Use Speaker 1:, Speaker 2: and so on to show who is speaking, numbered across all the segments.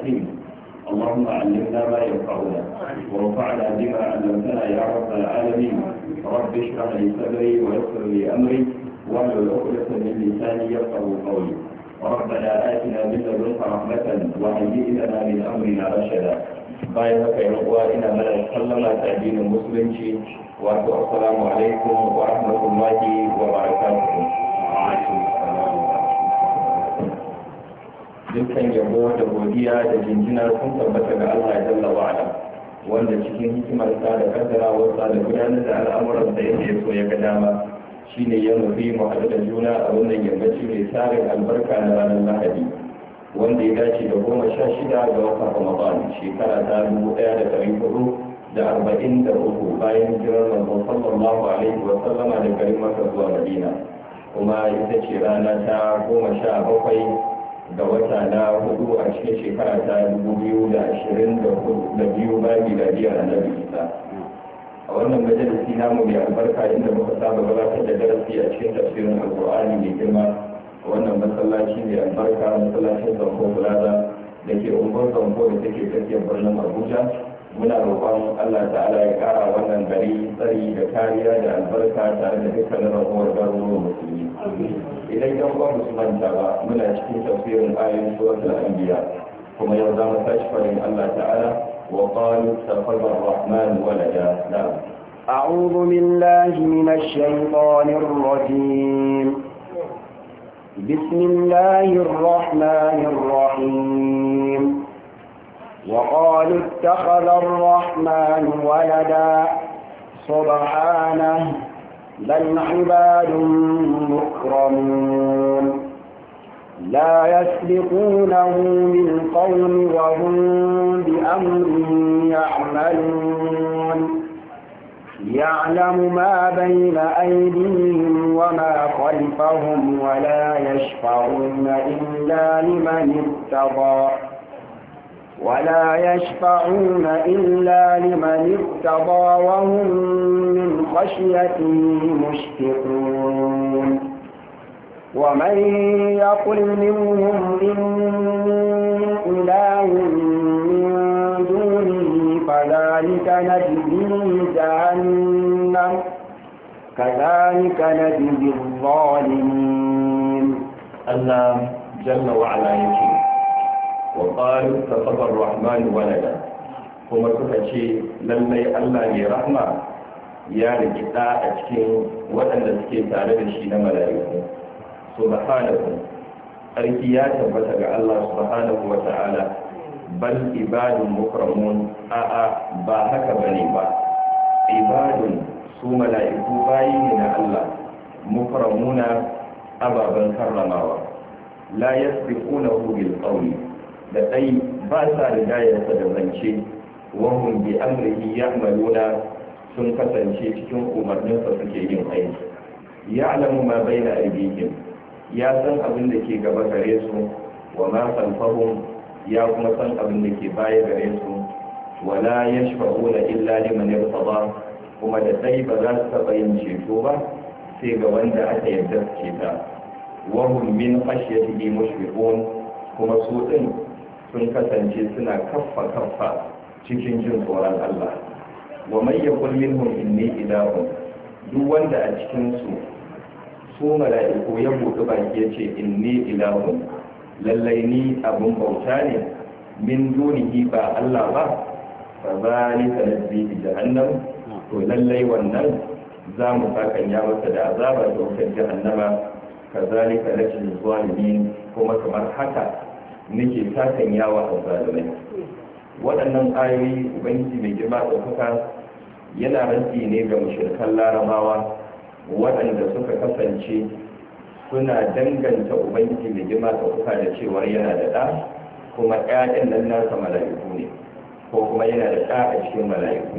Speaker 1: التقييم اللهم علمنا ما ينفعنا وانفعنا بما علمتنا يا رب العالمين رب اشرح لي صدري ويسر لي امري واحلل عقدة من لساني يفقه قولي ربنا آتنا من لدنك رحمة وهيئ لنا من أمرنا رشدا bayan haka yan uwa سلم mana sallama والسلام عليكم ورحمة الله وبركاته alaikum wa dukkan yabo da godiya da jinjinar sun tabbata ga Allah ya jalla wa'ala wanda cikin hikimar sa da kaddara wasa da gudanar da al'amuran da yake so ya ga dama shine ya nufi mu haɗu da juna a wannan yammaci mai tsarin albarka na ranar lahadi wanda ya dace da goma sha shida ga watan ramadan shekara ta dubu ɗaya da ɗari hudu da arba'in da uku bayan jiran manzon sallallahu alaihi wa sallama da garin maka zuwa madina kuma ita ce rana ta goma sha bakwai da wata na hudu a cikin shekara ta dubu biyu da ashirin da biyu bayan miladiyar annabi isa a wannan majalisi mu mai albarka inda muka saba gabatar da darasi a cikin tafsirin alkur'ani mai girma a wannan masallaci mai albarka masallacin zanko plaza da ke unguwar zanko da take tafiyar birnin abuja muna roƙon Allah ta'ala ya kara wannan gari tsari da kariya da albarka tare da dukkanin rahuwar garuruwan musulmi idan yan ba musu manta ba muna cikin tafiyar tafsirin ayoyin suratul anbiya kuma yau za mu tashi farin Allah ta'ala wa qalu tafaddal ar-rahman walada na'am
Speaker 2: أعوذ بالله من الشيطان الرجيم بسم الله الرحمن الرحيم وقالوا اتخذ الرحمن ولدا سبحانه بل عباد مكرمون لا يسبقونه قوم وهم بأمر يعملون يعلم ما بين أيديهم وما خلفهم ولا يشفعون إلا لمن ارتضى ولا يشفعون إلا لمن ارتضى وهم من خشيته مشفقون ومن يقل منهم إني إله من دونه فذلك نجزيه جهنم كذلك نجزي الظالمين الله جل وعلا يجيب wa qalu
Speaker 1: tasabbar rahmanu walada kuma suka ce lallai Allah mai rahma ya riki a cikin waɗanda suke tare da shi na mala'iku subhanahu sarki ya tabbata ga Allah subhanahu wa ta'ala ban ibadun mukramun a'a ba haka bane ba ibadun su mala'iku bayi ne na Allah mukramuna ababan karramawa la yasbiqunahu bil qawli da ɗai ba sa rigayarsa da zance wahun bi amrihi ya maluna sun kasance cikin umarninsa suke yin aiki ya alamu ma bai na ya san abin da ke gaba gare su wa ma sanfahun ya kuma san abin da ke baya gare su wala ya shafa'una illa liman ba kuma da ɗai ba za su taɓa yin ceto ba sai ga wanda aka yarda su ta wahun min khashyatihi mushfiqun kuma su ɗin sun kasance suna kaffa kaffa cikin jin tsoron Allah wa mai ya kullum inni ilahun duk wanda a cikinsu su mala'iku ya buɗe baki ya ce inni ilahun lallai ni abin bauta ne min dunihi ba Allah ba fa zalika lazbi jahannam to lallai wannan za mu sakanya masa da azaba da wutar jahannama kazalika rajul zalimin kuma kamar haka nake sakan yawa a zalimai waɗannan ayoyi ubangiji mai girma ɗaukaka yana rantsi ne ga mushirkan larabawa waɗanda suka kasance suna danganta ubangiji mai girma ɗaukaka da cewar yana da ɗa kuma ƴaƴan nan nasa mala'iku ne ko kuma yana da ɗa a cikin mala'iku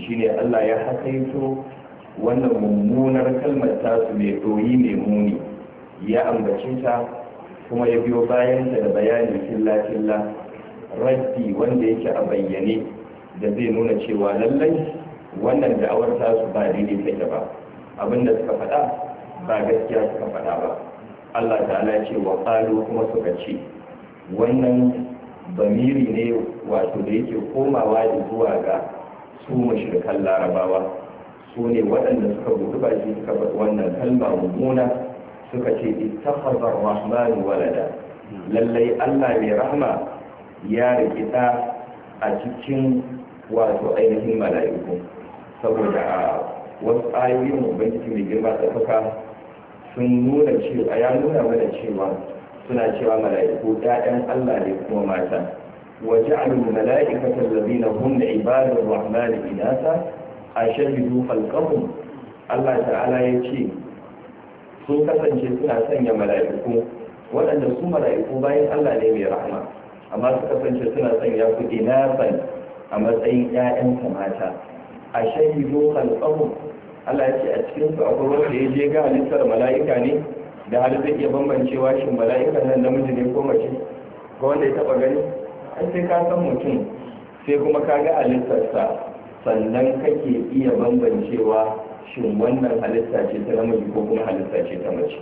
Speaker 1: shi ne allah ya hasaito wannan mummunar kalmar tasu mai ɗoyi mai muni ya ambace ta kuma ya biyo bayan da bayani filla-filla raddi wanda yake a bayyane da zai nuna cewa lallai wannan da'awar ta su ba daidai take ba abinda suka faɗa ba gaskiya suka faɗa ba Allah ta'ala ce wa qalu kuma suka ce wannan bamiri ne wato da yake komawa da zuwa ga su mushrikan larabawa su ne waɗanda suka gudu ba shi suka faɗi wannan kalma mummuna suka ce ittakhadha ar-rahman walada lallai Allah mai rahma ya rikita a cikin wato ainihin mala'iku saboda a wasu ayoyin ubangiji mai girma tsakaka sun nuna cewa ya nuna mana cewa suna cewa mala'iku ɗayan Allah ne kuma mata وجعلوا الملائكة الذين هم عباد الرحمن إناثا أشهدوا allah ta'ala ya ce. sun kasance suna sanya mala'iku waɗanda su mala'iku bayan Allah ne mai rahama amma su kasance suna sanya ku inasan a matsayin ƴaƴan mata a shahidu khalqahu Allah ya ce a cikin su akwai wanda ya je ga halittar mala'ika ne da har zai iya bambancewa shin mala'ikan nan namiji ne ko mace ga wanda ya taba gani an sai ka san mutum sai kuma ka ga halittarsa sannan kake iya bambancewa shin wannan halitta ce ta namiji ko kuma halitta ce ta mace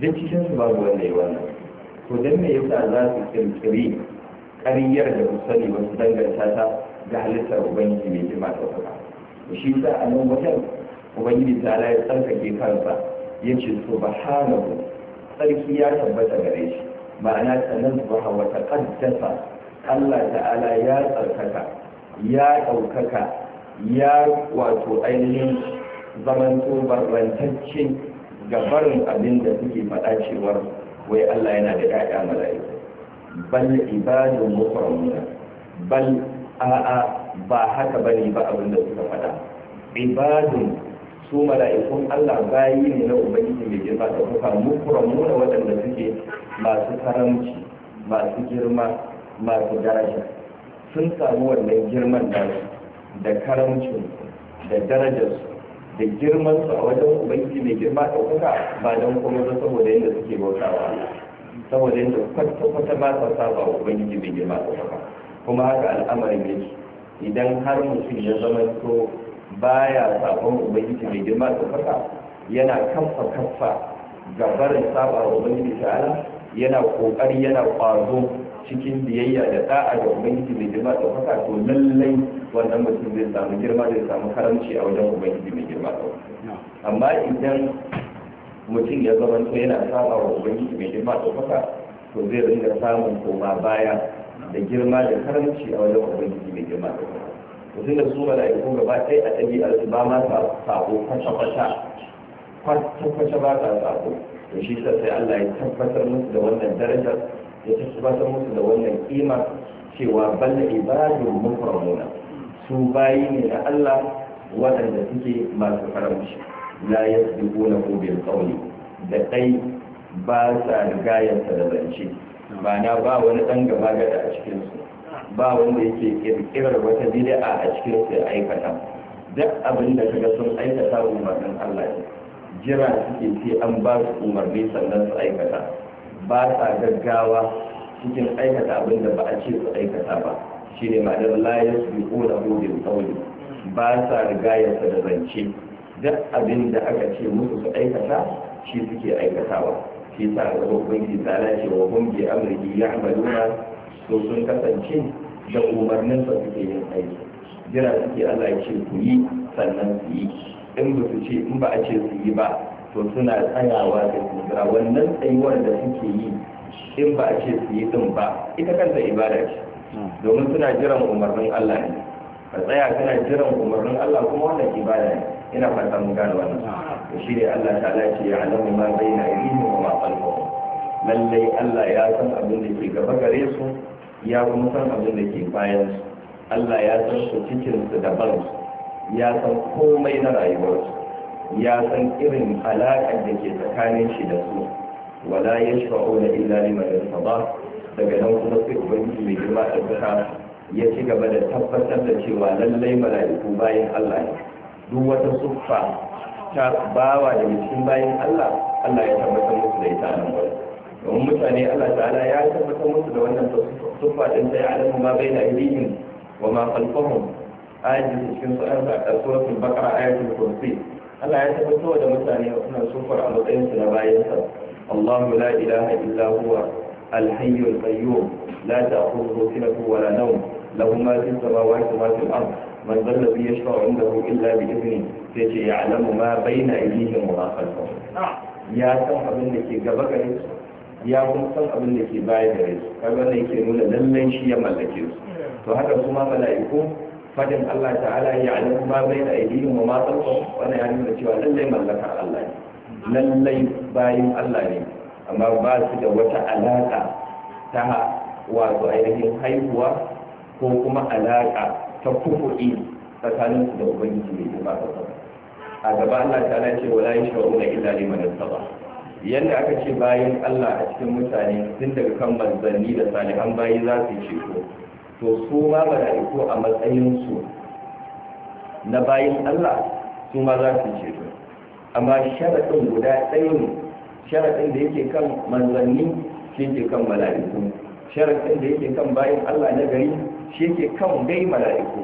Speaker 1: duk cikin su babu wanda ya wannan to dan me yasa za su kirkiri ƙaryar da ku sani ba su danganta ta ga halittar ubangiji mai jima ta kuma shi sa a nan wajen ubangiji ta ala ya tsarkake kansa ya ce ku sarki ya tabbata gare shi ma'ana tsanan subhanahu wata ƙaddasa Allah ta'ala ya tsarkaka ya ɗaukaka ya wato ainihin zaman barrantacce ga abin da suke faɗa cewar wai Allah yana da ƴaƴa mala'iku bal ibadun mukarramuna bal a'a ba haka bane ba abin da suka faɗa ibadun su mala'ikun Allah bayi ne na ubangiji mai girma da kuka mukarramuna waɗanda suke masu karamci masu girma masu daraja sun samu wannan girman nasu da karamcin da darajarsu da girman su a wajen ubangiji mai girma kuka ba don kuma ba saboda yadda suke bautawa saboda yadda kwata-kwata ba sa saba wa ubangiji mai girma kuka kuma haka al'amarin ne, idan har mutum ya zama to baya sabon ubangiji mai girma kuka yana kafa kafa barin saba wa ubangiji ta'ala yana kokari yana kwazo cikin biyayya da da'a ga ubangiji mai girma kuka to lallai wannan mutum zai samu girma zai samu karamci a wajen ubangiji mai girma da amma idan mutum ya zama to yana saba wa ubangiji mai girma ɗaukaka to zai ringa samun koma baya da girma da karamci a wajen ubangiji mai girma ɗaukaka mutum da su mala'iku gaba ɗaya a ɗabi'ar su ba ma sabo kwata-kwata kwata-kwata ba ta sabo to shi sai Allah ya tabbatar musu da wannan darajar ya tabbatar musu da wannan kima cewa balle ibadun mukarramuna su bayi ne da Allah waɗanda suke masu karamci la yasbiquna na bil tsauni da ɗai ba sa gayansa da zance na ba wani ɗan gaba gada a cikinsu ba wanda yake ƙirƙirar wata bid'a a cikin su aikata duk abin da kaga sun aikata umarnin Allah ne jira suke sai an ba su umarni sannan su aikata ba sa gaggawa cikin aikata abin da ba a ce su aikata ba shine ma'anar la yasbiquna hu bil qawli ba sa rigayarsa da zance duk abin da aka ce musu su aikata shi suke aikatawa shi sa ga hukunci tsala ce wa hum bi ya'maluna to sun kasance da umarnin sa suke yin aiki jira suke Allah ya ce ku yi sannan su yi in ba su ce in ba a ce su yi ba to suna tsayawa da su wannan tsayuwar da suke yi in ba a ce su yi din ba ita kanta ibada ce domin suna jiran umarnin Allah ne ka tsaya kana jiran umarnin Allah kuma wannan ibada ne ina fata mun gane wannan shi ne Allah ta ce ya alamu ma baina aydihim wa ma khalfahum lallai Allah ya san abin da ke gaba gare su ya kuma san abin da ke bayan su Allah ya san su cikin su da ban su ya san komai na rayuwarsu ya san irin alaƙar da ke tsakanin shi da su wala yashfa'una illa liman irtada daga nan kuma sai ubangiji mai girma da duka ya ci gaba da tabbatar da cewa lallai mala'iku bayan Allah ne duk wata suffa ta bawa daga cikin bayan Allah Allah ya tabbatar musu da ita nan ba domin mutane Allah ta'ala ya tabbatar musu da wannan suffa din ta ya'lamu ma baina aydihim wa ma khalfahum ayatin cikin su'an da suratul baqara ayatul kursi Allah ya tabbatar da mutane wannan suffar a matsayin su na bayan sa Allahu la ilaha illa huwa الحي القيوم لا تأخذه سنة ولا نوم له ما في السماوات وما في الأرض من ذا الذي يشفع عنده إلا بإذنه سيجي يعلم ما بين أيديهم وما خلفهم يا سمح منك جبك ya kuma san abin da ke baya da rai kaga ne yake nuna lallai shi ya mallake to haka su ma mala'iku fadin Allah ta'ala ya alamu ma bai da aidihim wa ma tsalfa ya nuna cewa lallai mallaka Allah ne lallai Allah ne amma ba su da wata alaƙa ta wato ainihin haihuwa ko kuma alaƙa ta kufu'i tsakanin su da ubangiji mai girma da sama a gaba Allah ta ce yashu wa illa liman yattaba yanda aka ce bayan Allah a cikin mutane tun daga kan manzanni da salihan bayi za su yi ceto to su ma mala'iku a matsayin su na bayan Allah su ma za su yi ceto amma sharaɗin guda ɗaya ne sharaɗin da yake kan manzanni shi ke kan mala'iku sharaɗin da yake kan bayan Allah na gari shi ke kan dai mala'iku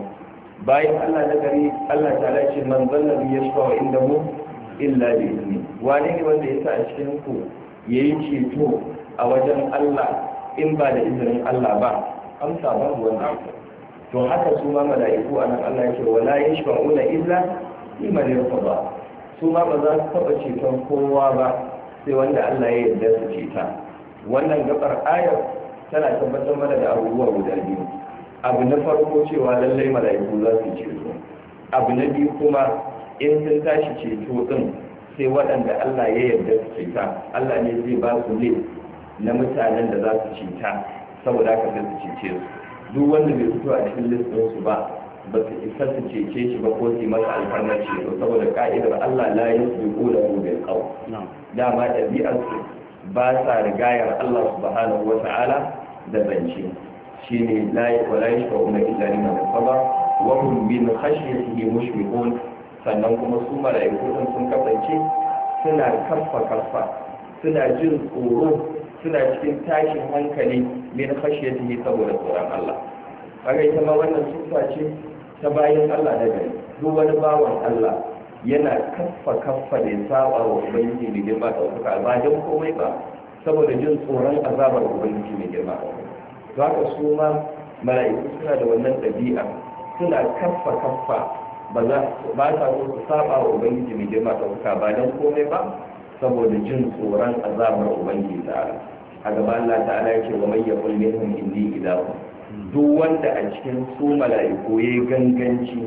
Speaker 1: bayan Allah na gari Allah ta lashe manzon nabi ya shafa inda mu illa da izini wane ne wanda ya sa a cikin ku ya yi ceto a wajen Allah in ba da izinin Allah ba amsa ba abu to haka su ma mala'iku a nan Allah yake wala yashfa'una illa liman ba su ma ba za su taɓa ceton kowa ba sai wanda Allah ya yarda su ceta wannan gabar ayar tana tabbatar mana da abubuwa guda biyu abu na farko cewa lallai mala'iku za su ce ceto abu na biyu kuma in sun tashi ceto din sai waɗanda Allah ya yarda su ceta Allah ne zai ba su ne na mutanen da za su ta saboda haka sai su ce su duk wanda bai fito a cikin listin su ba ba su isa su cece shi ba ko su masa ce ceto saboda ka'idar Allah la yi su ko da mu bil qaw dama ɗabi'ar su ba sa rigayar Allah subhanahu wa ta'ala da zance shine la yi wa la yashfa'u na illa liman sabar wa hum min khashyatihi mushfiqun sannan kuma su mala'iku sun kasance suna kaffa kaffa suna jin tsoro suna cikin tashin hankali min khashyatihi saboda tsoron Allah kaga ita ma wannan tsufa ce ta bayan Allah da gari duk wani bawan Allah yana kaffa kaffa da saba wa ubangiji mai girma da ba don komai ba saboda jin tsoron azabar ubangiji mai girma da haka su ma mala'iku suna da wannan ɗabi'a suna kaffa kaffa ba za ba ta su saba wa ubangiji mai girma da ba don komai ba saboda jin tsoron azabar ubangiji ta'ala a gaban Allah ta'ala yake wa mayyakul minhum inni ilahu duk wanda a cikin su mala'iku ya ganganci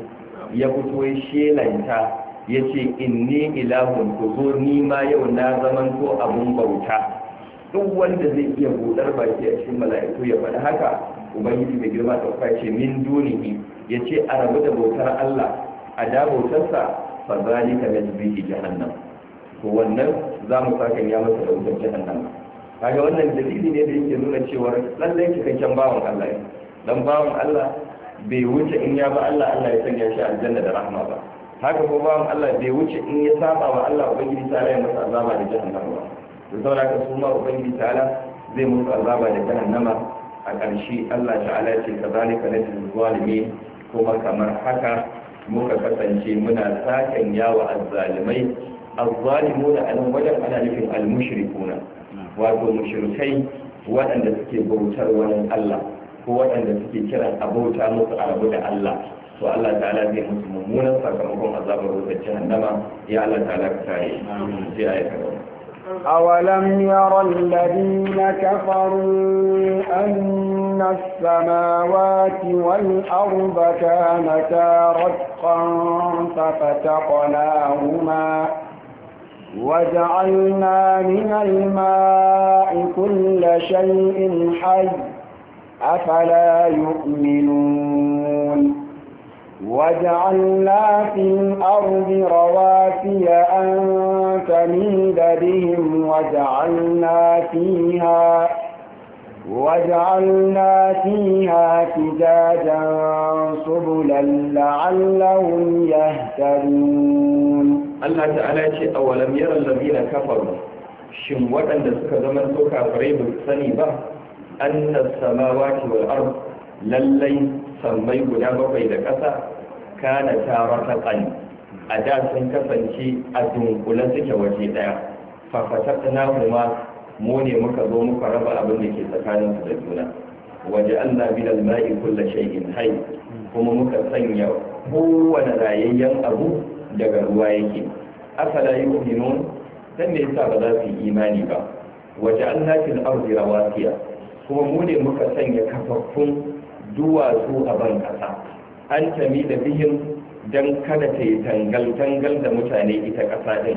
Speaker 1: ya fito ya shelanta ya ce inni ilahun ku ni ma yau na zaman ko abun bauta duk wanda zai iya budar baki a cikin mala'iku ya faɗi haka ubangiji mai girma da ɗauka ce min dunihi ya ce a rabu da bautar allah a da bautarsa fa zalika najzihi jahannam to wannan za mu saka ya masa da wutar jahannam kaga wannan dalili ne da yake nuna cewa lallai cikakken bawan allah ne dan bawan Allah bai wuce in ya ba Allah Allah ya sanya shi aljanna da rahama ba haka ko bawan Allah bai wuce in ya saba wa Allah ubangiji ta'ala ya masa azaba da jahannama ba Da saboda haka su ma ubangiji ta'ala zai musu azaba da jahannama a ƙarshe Allah ta'ala ya ce kazalika lil zalimin kuma kamar haka muka kasance muna sakan yawa azzalimai azzalimuna a nan wajen ana nufin almushrikuna wato mushrikai waɗanda suke bautar wani Allah ko waɗanda suke kiran abota musu a rabu da Allah to Allah ta'ala zai musu mummunan sakamakon azabar wutar jahannama ya Allah ta'ala ka kare sai a yi
Speaker 2: أولم ير الذين كفروا أن السماوات والأرض كانتا رتقا ففتقناهما وجعلنا من الماء كل شيء حي أفلا يؤمنون وجعلنا في الأرض رواسي أن تميد بهم وجعلنا فيها وجعلنا فيها فجاجا سبلا لعلهم يهتدون
Speaker 1: الله تعالى يقول أولم يرى الذين كفروا shin waɗanda suka zama so kafirai ba su sani ba annas samawati wal ard lallai sammai guda bakwai da ƙasa kana tarataqan a da sun kasance a dunkule suke waje daya fa na kuma mu ne muka zo muka raba abin da ke tsakanin su da juna waje Allah min al-ma'i kullu shay'in kuma muka sanya kowane rayayyen abu daga ruwa yake afala yu'minun dan me yasa ba za su imani ba waje Allah fil ardi rawasiya kuma mu ne muka sanya kafaffun duwatsu a ban an tami da bihin don kada ta yi tangal-tangal da mutane ita ƙasa din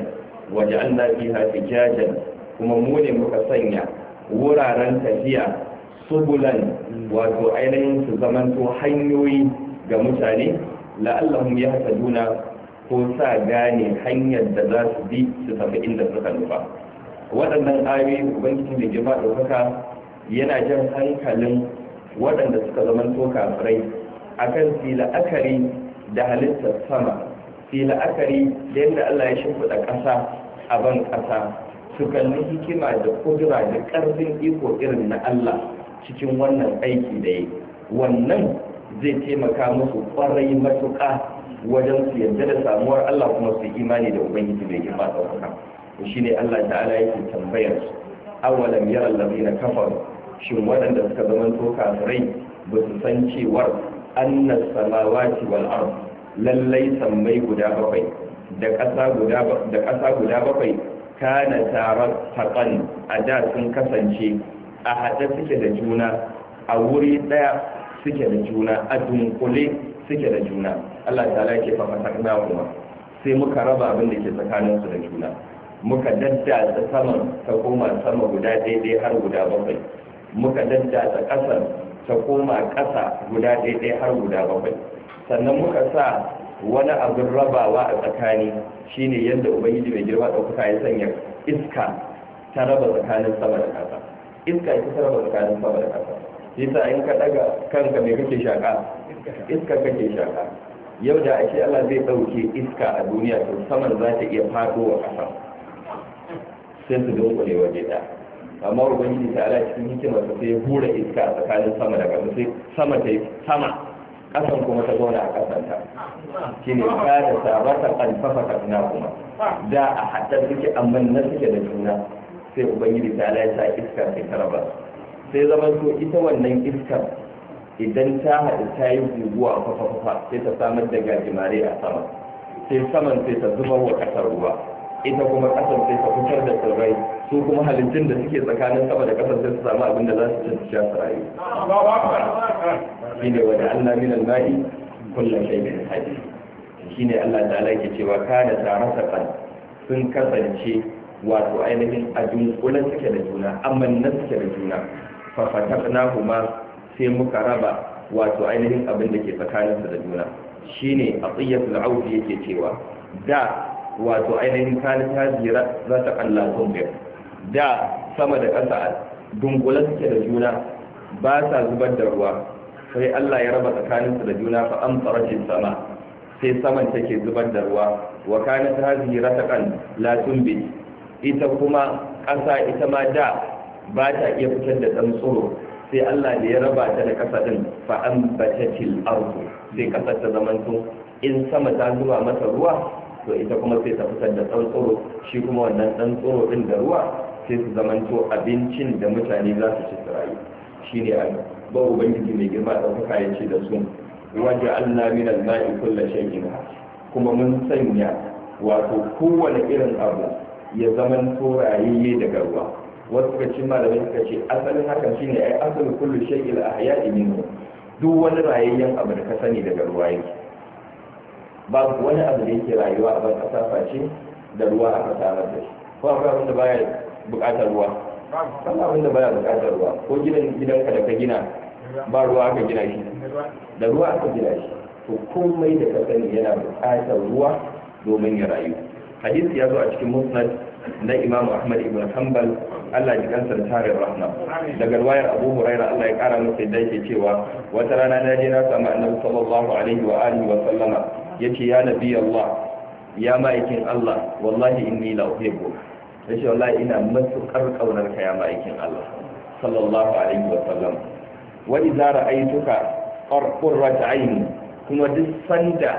Speaker 1: waje an lafi hafi jajen kuma mu ne muka sanya wuraren tafiya subulan wato ainihin su zamanto hanyoyi ga mutane la'allahum ya duna ko sa gane hanyar da za su bi su tafi inda suka nufa waɗannan ayoyi ubangiji da girma ɗaukaka yana jan hankalin waɗanda suka zama toka kafirai akan su la'akari da halittar sama su la'akari da yadda Allah ya shimfiɗa ƙasa a ban ƙasa su kalli hikima da kudura da ƙarfin iko irin na Allah cikin wannan aiki da yi wannan zai taimaka musu ƙwarai matuƙa wajen su yarda da samuwar Allah kuma su imani da ubangiji mai girma ɗaukaka shi ne Allah ta'ala yake tambayar su awalam yara na kafaru shin waɗanda suka zama to kafirai ba su san cewar annas samawati wal ard lallai sammai guda bakwai da ƙasa guda da ƙasa guda bakwai kana a da sun kasance a haɗe suke da juna a wuri ɗaya suke da juna a dunkule suke da juna Allah ta'ala ke fafatakna kuma sai muka raba abin da ke tsakaninsu da juna muka daddasa saman ta koma sama guda daidai har guda bakwai muka daddasa ƙasar ta koma ƙasa guda daidai har guda bakwai sannan muka sa wani abin rabawa a tsakani shine yadda ubangiji mai girma ɗaukaka ya sanya iska ta raba tsakanin sama da ƙasa iska ita ta raba tsakanin sama da ƙasa yasa in ka ɗaga kanka mai kake shaƙa iska kake shaƙa yau da ake Allah zai ɗauke iska a duniya to saman za ta iya faɗo wa ƙasa sai su dunkule waje ɗaya amma ubangiji ta ala cikin hikimar sai ya hura iska a tsakanin sama da ƙasa sai sama ta yi sama ƙasan kuma ta zauna a ta shi ne kada sabata ƙalfafa suna kuma da a haɗar suke amma na suke da juna sai ubangiji ta ala ta iska sai ta raba sai zama so ita wannan iskar idan ta haɗu ta yi guguwa fafafafa sai ta samar da gajimare a sama sai saman sai ta zubar wa ƙasar ruwa ita kuma ƙasar sai ta fitar da tsirrai su kuma halittun da suke tsakanin sama da kasar sai su samu abin da za su ci su shafa rayu shine wa ja'alna min al-ma'i kullu shay'in hayy shine Allah ta'ala yake cewa kana tarasaqan sun kasance wato ainihin a dunkule suke da juna amma na suke da juna fafata na fataknahuma sai muka raba wato ainihin abin da ke tsakaninsu da juna shine atiyatul aufi yake cewa da wato ainihin ta tajira za ta kalla zumbir da sama da ƙasa dungula suke da juna ba sa zubar da ruwa sai Allah ya raba tsakaninsu da juna fa an tsarafin sama sai saman take zubar da ruwa wa kana ta hazihi ratakan la tumbi ita kuma ƙasa ita ma da ba ta iya fitar da ɗan tsoro sai Allah ne ya raba ta da ƙasa ɗin fa an batatil ardu sai ƙasar ta zamanto in sama ta zuba masa ruwa to ita kuma sai ta fitar da ɗan tsoro shi kuma wannan ɗan tsoro ɗin da ruwa sai su zamanto abincin da mutane za su ci Shi ne a ba ubangiji mai girma ɗaukaka ya ce da su waje allah min alma'i kulla shay'in kuma mun sanya wato kowane irin abu ya zaman rayayye daga ruwa wasu ka ci malamai suka ce asalin hakan shine ai asalin kullu a ahya'i minhu duk wani rayayyen abu da ka sani daga ruwa yake babu wani abu da yake rayuwa a ban kasa face da ruwa aka samar da shi ko akwai abin da baya bukatar ruwa Allah wanda baya bukatar ruwa ko gidan gidanka da ka gina ba ruwa aka gina shi da ruwa aka gina shi to komai da ka sani yana bukatar ruwa domin ya rayu hadisi ya zo a cikin musnad na imam ahmad ibn hanbal Allah ji kansar tarin rahma daga wayar abu huraira Allah ya kara masa da yake cewa wata rana na je na samu annabi sallallahu alaihi wa alihi wa sallama yace ya nabi Allah ya ma'aikin Allah wallahi inni la uhibbu da shi wallahi ina matuƙar ƙaunar ka ya ma'aikin Allah sallallahu alaihi wa sallam wa idza ra'aytuka qurrat kuma duk sanda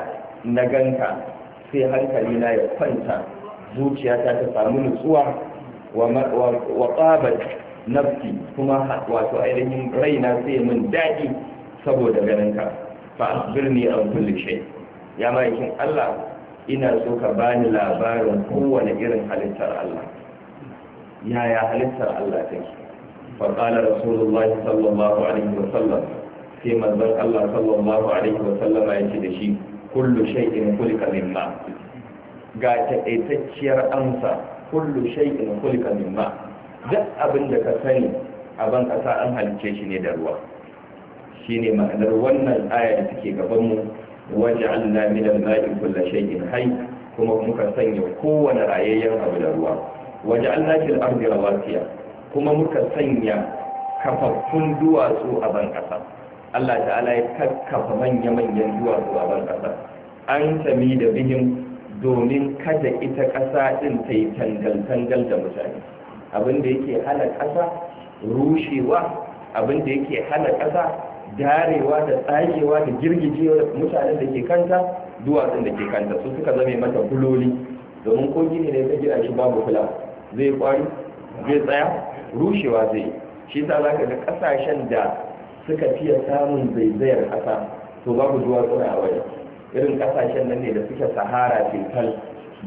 Speaker 1: na ganka sai hankali na ya kwanta zuciyata ta samu nutsuwa wa wa nafsi kuma wato ainihin raina sai min daɗi saboda ganin ka fa asbirni an kulli shay ya ma'aikin Allah ina so ka bani labarin kowane irin halittar Allah yaya halittar Allah take فقال رسول الله صلى الله عليه وسلم في منزل الله صلى الله عليه وسلم يجد شيء كل شيء خلق من ماء ga taƙaitacciyar amsa kullu shay'in khulqa min ma duk abin da ka sani a ban kasa an halice shi ne da ruwa shine ma'anar wannan aya da take gaban mu waja'alna min al-ma'i kullu shay'in hayy kuma muka sanya kowane rayayyen abu da ruwa waje allah fil ardi wasiya kuma muka sanya kafaffun duwatsu a ban ƙasa allah ta'ala ya kakkafa manya-manyan duwatsu a ban ƙasa an sami da bihin domin kada ita ƙasa ɗin ta yi tangal-tangal da mutane abinda yake hana ƙasa rushewa abinda yake hana ƙasa darewa da tsagewa da da mutanen da ke kanta duwatsun da ke kanta su suka zame mata kuloli domin ko gini ne ta gina shi babu kula zai kwari zai tsaya rushewa zai shi ta za ka ga kasashen da suka fiye samun zaizayar kasa to babu duwatsuna a waje irin kasashen nan ne da suke sahara tekal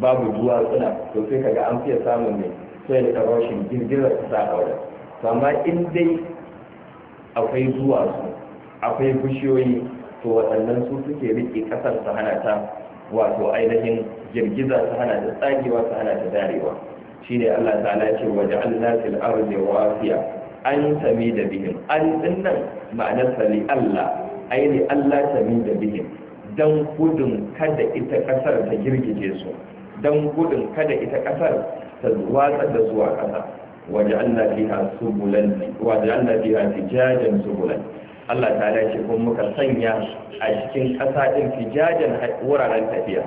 Speaker 1: babu duwatsuna to sai ka ga an fiye samun mai sai da rashin girgizar kasa a waje to amma in dai akwai duwatsu akwai bishiyoyi to waɗannan su suke riƙe ƙasar sahara hana ta wato ainihin girgiza su hana ta tsagewa su hana ta darewa Shi ne Allah ta'ala ce waja'alna fil ardi wasiya an sami da bihim an dinnan ma'anar sali Allah aini Allah sami da bihim dan gudun kada ita kasar ta girgije su dan gudun kada ita kasar ta watsa da zuwa kasa waja'alna fiha subulan waja'alna fiha fijajan subulan Allah ta'ala ce kun muka sanya a cikin ƙasa ɗin fijajen wuraren tafiya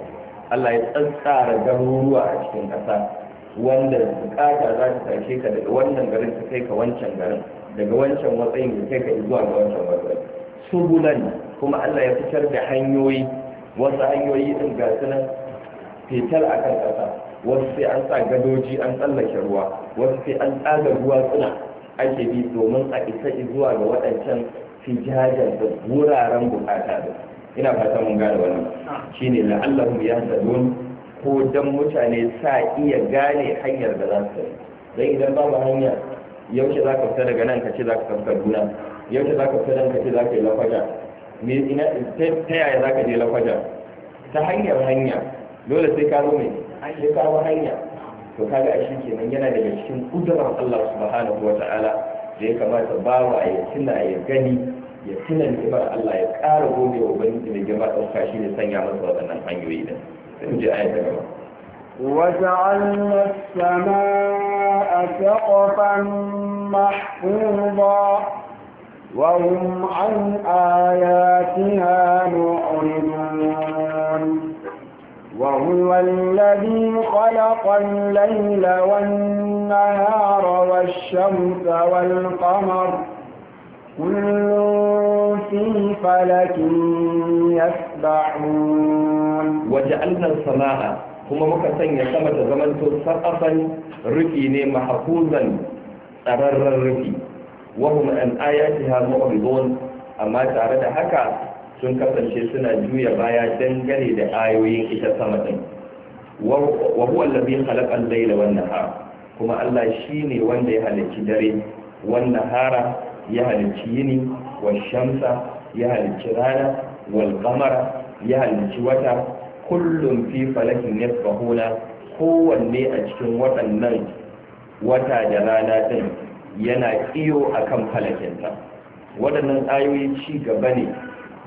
Speaker 1: Allah ya tsantsara garuruwa a cikin ƙasa. wanda kata za ta tashe ka daga wannan garin ta kai ka wancan garin daga wancan matsayin ya kai ka zuwa ga wancan matsayin subulan kuma Allah ya fitar da hanyoyi wasu hanyoyi din ga nan fetal akan kasa wasu sai an sa gadoji an tsallake ruwa wasu sai an tsaga ruwa suna ake bi domin a isa zuwa ga waɗancan fijajen da wuraren bukata da ina fata mun gane wannan shine la'allahu yahtadun ko don mutane sa iya gane hanyar da za su dai idan babu hanya yaushe za ka fita daga nan ka ce za ka tafi kaduna yaushe za ka fita nan ka ce za ka yi lafaja ta yaya za ka je lafaja ta hanyar hanya dole sai ka zo mai sai ka hanya to kaga a shi kenan yana daga cikin kudurar allah subhanahu wa ta'ala da ya kamata ba bawa ya tuna ya gani ya tuna ibar allah ya ƙara gobe wa da ya girma ɗauka shi ne sanya masa waɗannan hanyoyi din
Speaker 2: وجعلنا السماء سقفا محفوظا وهم عن آياتها معرضون وهو الذي خلق الليل والنهار والشمس والقمر كل في فلك يسبحون waje alnan sama'a
Speaker 1: kuma muka sanya sama da zamanto sarrafan rufi ne mahafuzan tsararren rufi wahum an ayati ha mu'ridun amma tare da haka sun kasance suna juya baya dangane da ayoyin ita sama din wa huwa allazi khalaqa al-layla wan kuma Allah shine wanda ya halicci dare wan nahara ya halicci yini wa shamsa ya halicci rana wal qamara ya halicci wata kullum fi falakin yasbahuna kowanne a cikin waɗannan wata da rana ɗin yana kiyo akan falakinsa waɗannan ayoyi ci gaba ne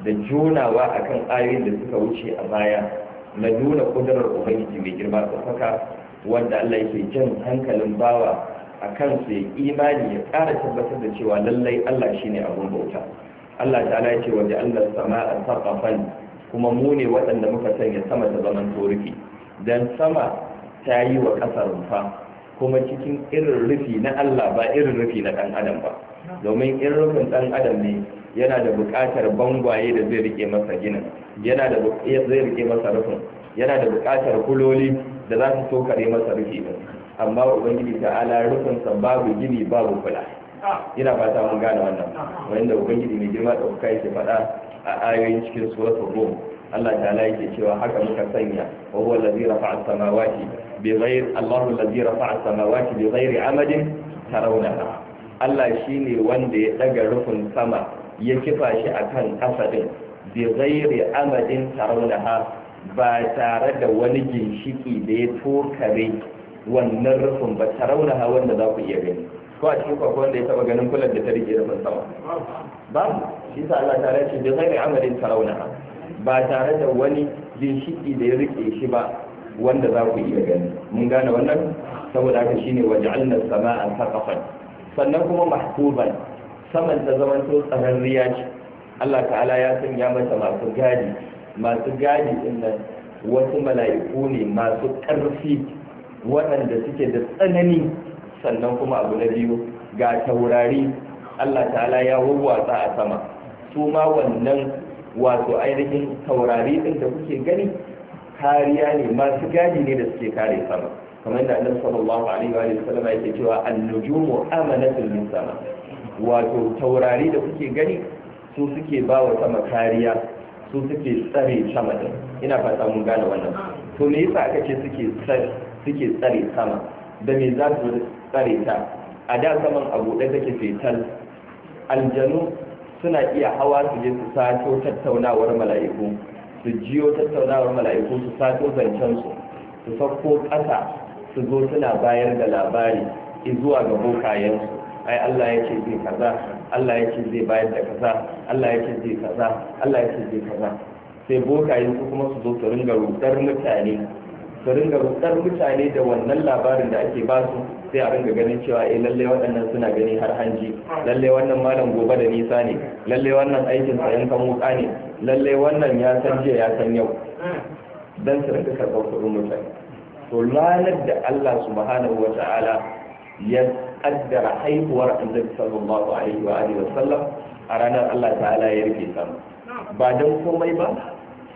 Speaker 1: da jonawa akan ayoyin da suka wuce a baya na nuna kudurar ubangiji mai girma tsaka. wanda Allah yake jan hankalin bawa a su ya imani ya ƙara tabbatar da cewa lallai Allah shine abun bauta Allah ta ce waje Allah sama sama'a sarqafan kuma mu ne waɗanda muka sanya sama da zaman rufi don sama ta yi wa ƙasa rumfa kuma cikin irin rufi na Allah ba irin rufi na ɗan adam ba domin irin rufin ɗan adam ne yana da buƙatar bangwaye da zai rike masa ginin yana da zai rike masa rufin yana da buƙatar kuloli da za su tokare masa rufi din amma ubangiji ta'ala sa babu gini babu kula ina fata mun gane wannan wanda ubangiji mai girma da kuka yake faɗa a ayoyin cikin suratul rum Allah ta'ala yake cewa haka muka sanya wa huwa allazi rafa'a samawati bi ghayri Allahu allazi rafa'a samawati bi ghairi amadin tarawnaha Allah shine wanda ya daga rufin sama ya kifa shi akan kasa din bi ghairi amadin tarawnaha ba tare da wani ginshiki da ya tokare wannan rufin ba ta wanda za ku iya gani ko a cikin kwakwan da ya taba ganin kullum da ta rike da sama Ba shi sa Allah ta race da ghairi amalin ba tare da wani ginshiki da ya rike shi ba wanda za ku iya gani mun gane wannan saboda haka shine waja'alna samaa saqafan sannan kuma mahfuban saman ta zamanto tsararriya ce Allah ta'ala ya sanya mata masu gadi masu gadi din nan wasu mala'iku ne masu ƙarfi waɗanda suke da tsanani sannan kuma abu na biyu ga taurari Allah ta'ala ya wawwatsa a sama su ma wannan wato ainihin taurari din da kuke gani kariya ne masu gadi ne da suke kare sama kamar da annabi sallallahu alaihi wa sallam yake cewa an-nujumu amanatul min sama wato taurari da kuke gani su suke ba wa sama kariya su suke tsare sama din ina fata mun gane wannan to me yasa aka ce suke tsare suke tsare sama da me za su tsare ta a da saman abu buɗe take fetal aljanu suna iya hawa su je su sato tattaunawar mala'iku su jiyo tattaunawar mala'iku su sato zancen su su sako ƙasa su zo suna bayar da labari zuwa ga su ai Allah ya ce zai kaza Allah ya ce zai bayar da kaza Allah ya ce zai kaza Allah ya ce zai kaza sai su kuma su zo su ringa rudar mutane su ringa rudar mutane da wannan labarin da ake ba su sai a ringa ganin cewa eh lalle waɗannan suna gani har hanji lalle wannan malam gobe da nisa ne lalle wannan aikin sa kan wuka ne lalle wannan ya san jiya ya san yau dan su ringa karɓar kuɗin mutane to ranar da Allah subhanahu wa ta'ala ya kaddara haihuwar annabi sallallahu alaihi wa alihi wasallam a ranar Allah ta'ala ya rike sama ba dan komai ba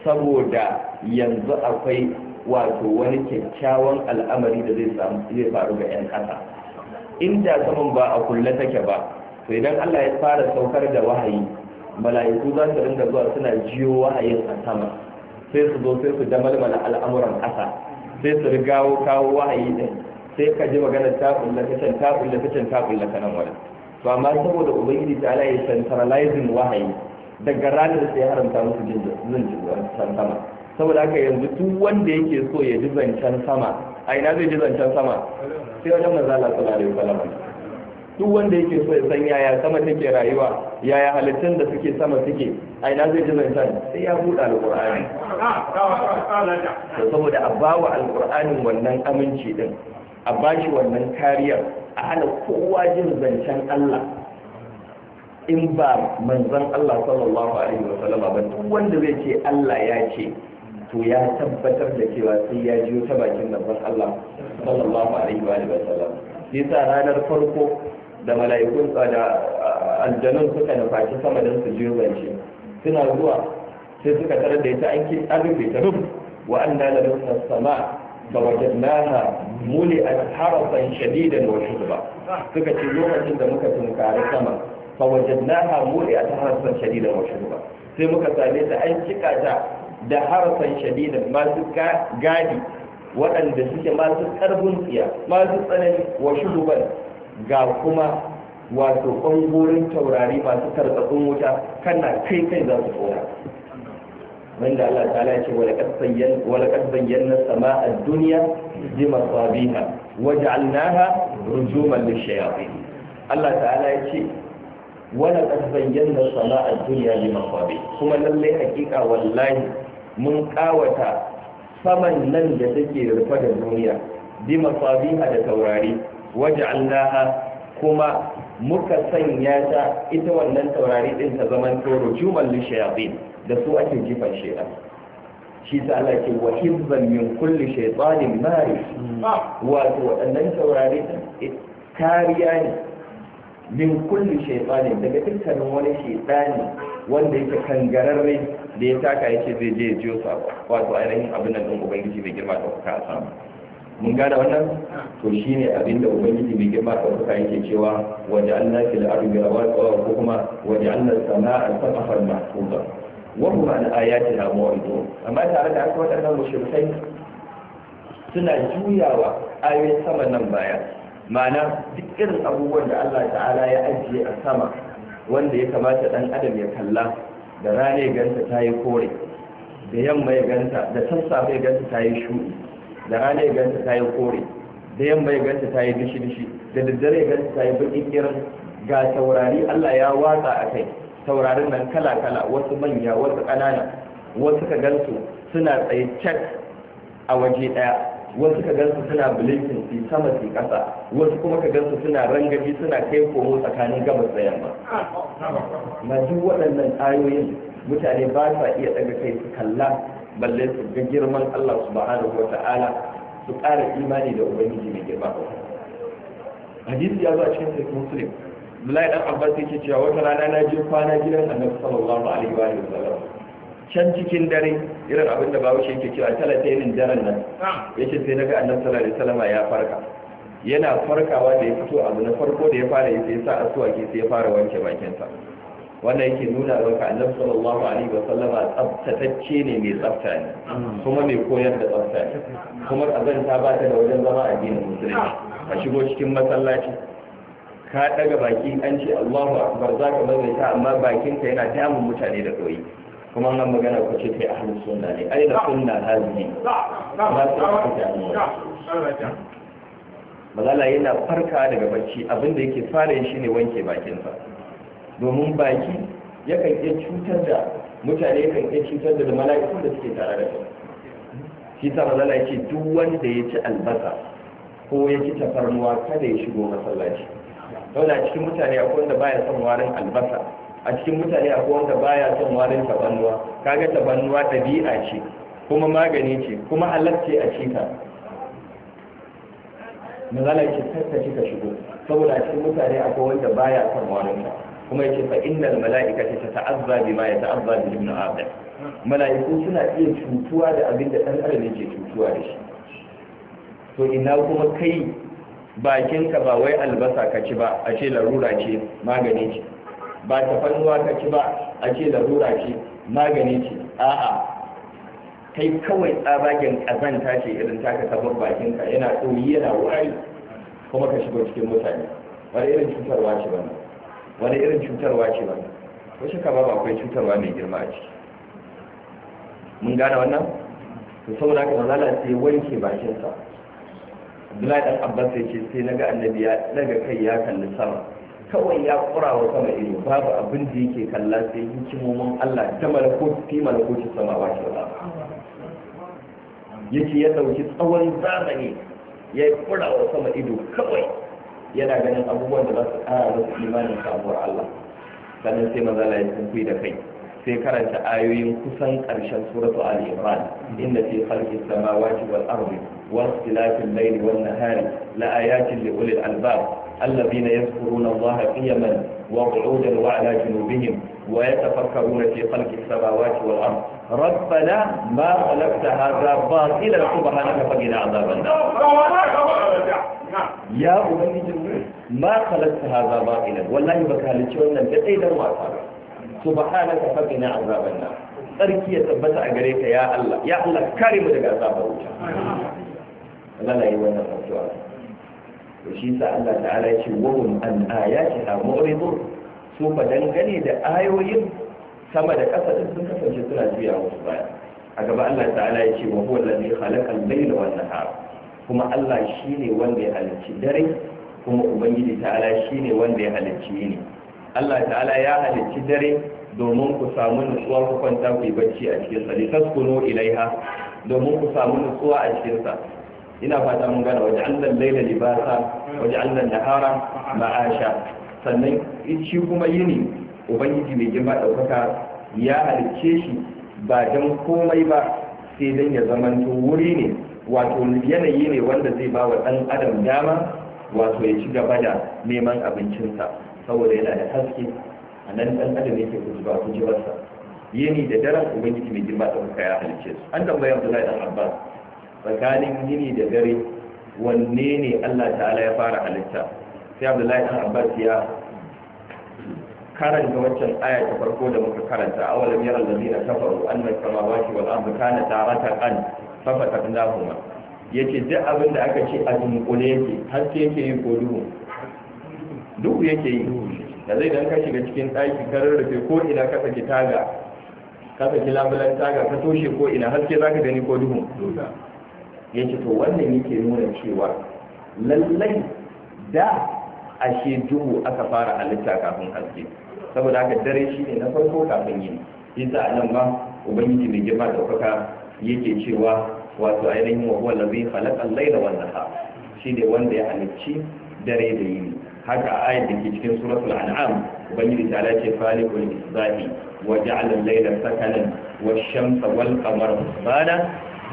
Speaker 1: saboda yanzu akwai wato wani kyakkyawan al'amari da zai faru ga 'yan ƙasa inda saman ba a kulle take ba to idan Allah ya fara saukar da wahayi mala'iku za su dinga zuwa suna jiyo wahayin a sama sai su zo sai su damalmala al'amuran ƙasa sai su rigawo kawo wahayi din sai ka ji magana ta kulle ta can ta kulle ta can ta kulle nan wani to amma saboda ubangiji ta ya centralizing wahayi daga ranar sai haramta musu jin sama saboda haka yanzu duk wanda yake so ya ji zancen sama a ina zai ji zancen sama sai wajen manzala sallallahu lalai salama duk wanda yake so ya san yaya sama take rayuwa yaya halittun da suke sama suke a ina zai ji zancen sai ya buɗe alƙur'ani saboda a bawa alƙur'anin wannan aminci din a bashi wannan kariyar a hana kowa jin zancen Allah in ba manzan Allah sallallahu alaihi sallama ba duk wanda zai ce Allah ya ce to ya tabbatar da cewa sai ya jiyo ta bakin manzon Allah sallallahu alaihi wa alihi wasallam sai sa ranar farko da mala'ikun da aljanun suka nufaci sama don su jiyo zance suna zuwa sai suka tarar da ita an ki an rufe ta rub wa anna la nusna sama fa wajadnaha muli'at harasan shadidan wa shudba suka ce lokacin da muka tunkari sama fa wajadnaha muli'at harasan shadidan wa shudba sai muka same ta an cika ta da harafan shadidan masu gadi waɗanda suke masu ƙarfin tsiya masu tsanani wa shuguban ga kuma wato ɓangoren taurari masu tartsatsun wuta kana kai kai za su tsora wanda Allah ta ce walaƙar bayyana sama a duniya ji masabiha waja'alnaha rujuman lishayafi Allah ta'ala ya ce walaƙar bayyana sama a duniya ji masabi kuma lallai hakika wallahi mun kawata saman nan da take rufe da duniya bi masabiha da taurari waje allaha kuma muka sanya ta ita wannan taurari din ta zaman toro jumal lishayatin da su ake jifan shaytan shi ta Allah ke wa hibban min kulli shaytanin mari ah. wato waɗannan taurari din eh, kariya ne min kulli shaytanin daga dukkanin wani shaytani wanda yake kangararre da ya taka ya ce zai je ya jiyo sa wato ainihin abin da ɗin ubangiji mai girma da kuka samu mun gane wannan to ne abin da ubangiji mai girma da kuka yake cewa waje an allah fil ardi tsawon? ko kuma waje an allah sama'a sabafan ba? wa hum an ayatina mu'ridun amma tare da haka waɗannan mushrikai suna juyawa ayoyin sama nan baya ma'ana duk irin abubuwan da Allah ta'ala ya ajiye a sama wanda ya kamata dan adam ya kalla da rana ya ganta ta yi kore da yamma ya ganta da sassafe ganta ta yi shuɗi da rana ya ganta ta yi kore da yamma ya ganta ta yi dishi-dishi da daddare ya ganta ta yi baƙin irin ga taurari allah ya watsa a kai taurarin nan kala-kala wasu manya wasu ƙanana wasu ka gansu suna tsaye cak a waje ɗaya wasu ka gansu suna bilikin su sama su kasa wasu kuma ka gansu suna rangaji suna kai komo tsakanin gabas da yamma na duk waɗannan ayoyin mutane ba sa iya daga kai su kalla balle su ga girman Allah subhanahu wata'ala su ƙara imani da ubangiji mai girma hadisi ya zo a cikin sahih muslim Abdullahi dan Abbas yake cewa wata rana na je kwana gidan Annabi sallallahu alaihi wa sallam can cikin dare irin abin da bawo yake cewa talatainin daren nan yace sai naga annabi sallallahu alaihi wasallam ya farka yana farkawa da ya fito abu na farko da ya fara yi sai sa asuwaki sai ya fara wanke bakinsa wannan yake nuna ka annabi sallallahu alaihi wa sallama tsaftatacce ne mai tsafta ne kuma mai koyar da tsafta ne kuma ta ba ta da wajen zama a addinin Musulmi, a shigo cikin masallaci ka daga baki an ce Allahu akbar zaka mai ta amma bakinka yana damun mutane da koyi kuma nan magana ku ce kai ahlus sunna ne ai da sunna hazi ba su ku ta ne mazala yana farka daga bacci abinda yake fara shi ne wanke bakinsa domin baki yakan iya cutar da mutane yakan iya cutar da mala'ikun da suke tare da su shi sa mazala ya duk wanda ya ci albasa ko ya ci tafarnuwa kada ya shigo masallaci saboda cikin mutane akwai wanda baya son warin albasa a cikin mutane akwai wanda baya son warin tabannuwa kaga tabannuwa ɗabi'a ce kuma magani ce kuma halacce a cika mazala ce karka cika shigo saboda a cikin mutane akwai wanda baya son warin ta kuma yace fa innal mala'ikata tata'azza bima yata'azza bi ibn adam mala'iku suna iya cutuwa da abin da dan adam yake cutuwa da shi to ina kuma kai bakinka ba wai albasa ka ci ba a ce larura ce magani ce ba ta fannuwa ka ci ba a ce larura ce magani ce a'a kai kawai tsabagen kazanta ce irin taka tabar bakinka yana ɗoyi yana wari kuma ka shigo cikin mutane wani irin cutarwa ce ba wani irin cutarwa ce ba shi kama ba akwai cutarwa mai girma a ciki mun gane wannan to saboda haka manzala sai wanke bakinsa Abdullahi dan Abbas sai ce sai naga annabi ya daga kai ya kalli sama kawai ya kura wa sama ido babu abin da yake kalla sai hikimomin Allah ta malakot fi malakot sama ba shi ba Yake ya dauki tsawon zamani ya kura wa sama ido kawai yana ganin abubuwan da za su kara masa imanin samuwar Allah sannan sai maza la ya da kai sai karanta ayoyin kusan karshen suratu al-imran inda fi khalqis samawati wal ardi واختلاف الليل والنهار لآيات لأولي الألباب الذين يذكرون الله قيما وقعودا وعلى جنوبهم ويتفكرون في خلق السماوات والأرض ربنا ما خلقت هذا باطلا سبحانك فقنا عذاب النار ya ubangijin ma halatta haza ba'ilan wallahi baka halicci wannan da tsaidar wasa ba subhanaka faqina azaban nar tsarki ya tabbata a gare ka ya Allah ya kare mu daga azabar wuta Allah yi wannan addu'a to shi sa Allah ta'ala ya ce wa hum an ayati ha mu'ridun su fa dangane da ayoyin sama da ƙasa din sun kasance suna juya wasu baya a gaba Allah ta'ala ya ce wa huwa allazi khalaqa al-layla wan nahar kuma Allah shine wanda ya halicci dare kuma ubangiji ta'ala shine wanda ya halicci yini Allah ta'ala ya halicci dare domin ku samu nutsuwa ku kwanta ku yi bacci a cikin sa litaskunu ilaiha domin ku samu nutsuwa a cikin sa ina fata mun gane waje allan laila libasa waje allan nahara ma'asha sannan shi kuma yini ubangiji mai girma ɗaukaka ya halicce shi ba don komai ba sai don ya zamanto wuri ne wato yanayi ne wanda zai ba wa ɗan adam dama wato ya ci gaba da neman abincinsa saboda yana da haske a nan ɗan adam yake kujiba kujibarsa yini da daren ubangiji mai girma ɗaukaka ya halicce su an tambaya abdullahi dan abbas tsakanin yini da dare wanne ne Allah ta'ala ya fara halitta sai Abdullahi ɗan Abbas ya karanta waccan aya ta farko da muka karanta awalam yara allazina kafaru anna samawati wal ardi kana taratan kuma ya yace duk abin da aka ce a dunkule yake haske yake yi ko duhu duhu yake yi da zai dan ka shiga cikin ɗaki ka rarrafe ko ina ka saki taga ka saki lambulan taga ka toshe ko ina haske zaka gani ko duhu ya ce to wannan yake nuna cewa lallai da ashe duhu aka fara halitta kafin haske saboda haka dare shi ne na farko kafin yini yasa a nan ma ubangiji mai girma ɗaukaka yake cewa wato ainihin wa huwa allazi khalaqa al-laila wan nahar shi ne wanda ya halicci dare da yini haka ayat da ke cikin suratul an'am ubangiji ta ce falikul isbahi wa ja'ala al-laila sakanan wa shamsa wal qamara husbana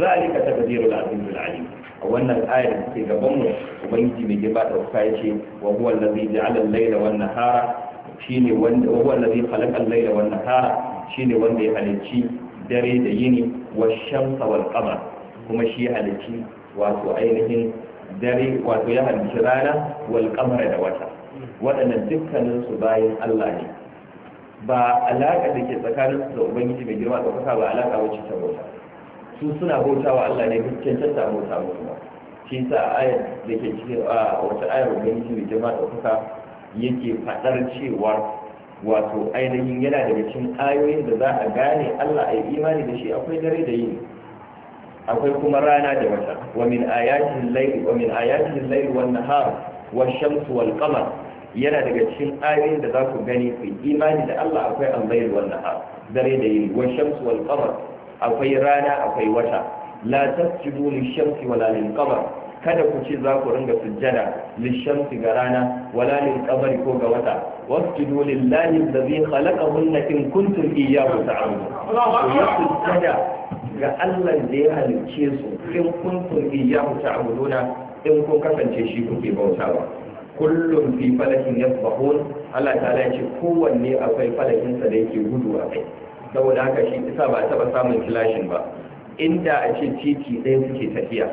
Speaker 1: zalika taqdirul azimul alim a wannan ayar da take gaban mu ubangiji mai girma da ya ce, wa huwa allazi ja'ala al-layla wan nahara shine wanda wa huwa allazi khalaqa al-layla wan nahara shine wanda ya halicci dare da yini wa shamsa wal-qamar kuma shi ya halicci wato ainihin dare wato ya halicci rana wal-qamara da wata waɗannan dukkanin su bayan Allah ne ba alaƙa da ke tsakanin su da ubangiji mai girma da ba alaƙa wacce ta bauta su suna bauta wa Allah ne gaskiyar canta mota musu ba shi sa ayar da ke cikin a wata ayar ubangiji mai jama'a kuka yake faɗar cewa wato ainihin yana daga cikin ayoyin da za a gane Allah a yi imani da shi akwai dare da yini akwai kuma rana da wata wa min ayatin layli wa min ayatin layli wan nahar wal qamar yana daga cikin ayoyin da za ku gani ku imani da Allah akwai an bayar wannan har. dare da yini wa Shamsu wal qamar akwai rana akwai wata la tasjudu lishamsi wala lil qamar kada ku ce za ku ringa sujjada lishamsi ga rana wala lil qamari ko ga wata wasjudu lillahi alladhi khalaqahunna in kuntum iyyahu ta'budun ku sujjada ga Allah da ya halicce su in kuntum iyyahu ta'buduna in kun kasance shi kuke bautawa kullum fi falakin yasbahun Allah ta'ala ya ce kowanne akwai falakin sa da yake gudu a kai saboda haka shi isa ba taba samun kilashin ba inda a ce titi ɗaya suke tafiya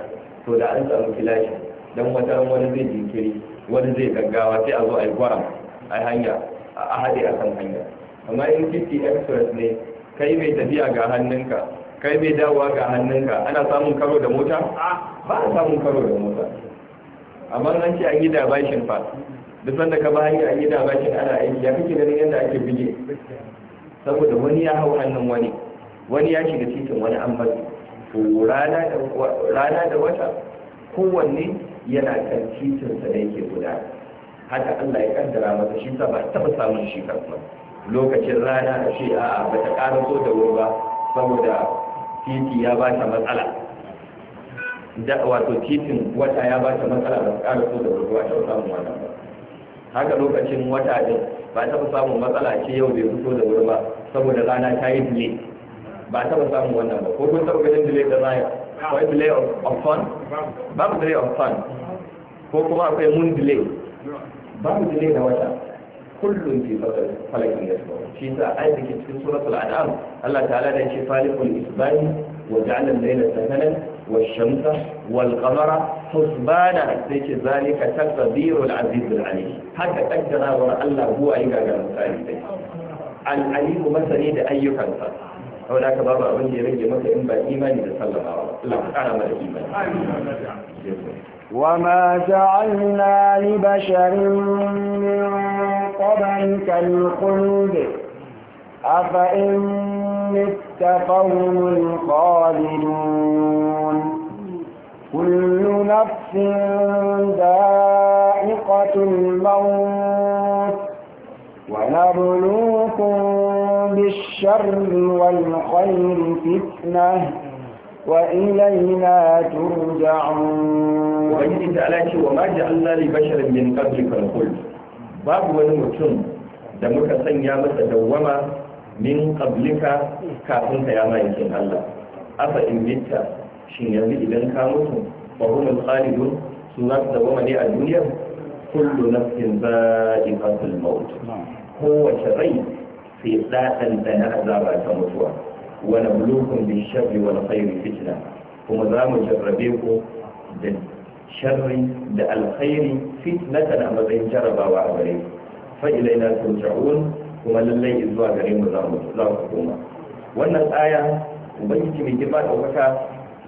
Speaker 1: to da an samu kilashin don wata wani zai jinkiri wani zai gaggawa sai a zo a yi gwaram a hanya a haɗe a kan hanya amma in titi express ne kai mai tafiya ga hannunka kai mai dawowa ga hannunka ana samun karo da mota ba a samun karo da mota amma an ce an yi bashin fa da sanda ka ba hanyar an yi bashin ana aiki ya kake ganin yadda ake bige saboda wani ya hau hannun wani wani ya shiga titin wani an bari to rana da wata kowanne yana kan titinsa da yake guda haka Allah ya kaddara masa shi ta ba taɓa samun shi karfa lokacin rana a ce a ba ta so da wuri ba saboda titi ya ba ta matsala da wato titin wata ya ba ta matsala ba ta so da wuri ba ta samun wannan ba haka lokacin wata din ba taɓa samun matsala ce yau bai fito da wuri ba saboda rana ta yi dile ba taɓa samun wannan ba ko kun taɓa ganin dile da raya akwai dile of fun babu dile of fun ko kuma akwai moon delay babu dile na wata kullum fi fasal falakin da su shi sa ayat cikin suratul an'am Allah ta'ala da ya ce falikul isbani wa ja'alal al-layla sakanan والشمس والقمر حسبانا سيك ذلك تقدير العزيز العليم حتى تقدر ورا الله هو أيها المسائل العليم مثلي ده أي كنسا هناك بابا أبن يرجي مكة إن با إيماني تسلم الله أنا ملك إيمان
Speaker 2: وما جعلنا لبشر من قبلك الخلد أفإن مت قوم الخالدون كل نفس ذائقة الموت ونبلوكم بالشر والخير فتنة وإلينا ترجعون وإن تعالى وما
Speaker 1: جعلنا لبشر من قبلك الخلد باب ونمتن دمك سنيا مثل دوما min qablika kafin ka ya ma'aikin Allah afa in mita shin yanzu idan ka mutu fa humul khalidun su za su dawama ne a duniyar kullu nafsin za'iqatul kowace rai sai ɗaɗan da na azaba ta mutuwa wani nabluukum bish-sharri wani khairi fitna kuma za mu jarrabe ku da sharri da alkhairi fitnatan a matsayin jarabawa a gare ku fa ilaina kuma lallai in zuwa gare mu za mu koma wannan aya ubangiji mai girma ɗaukaka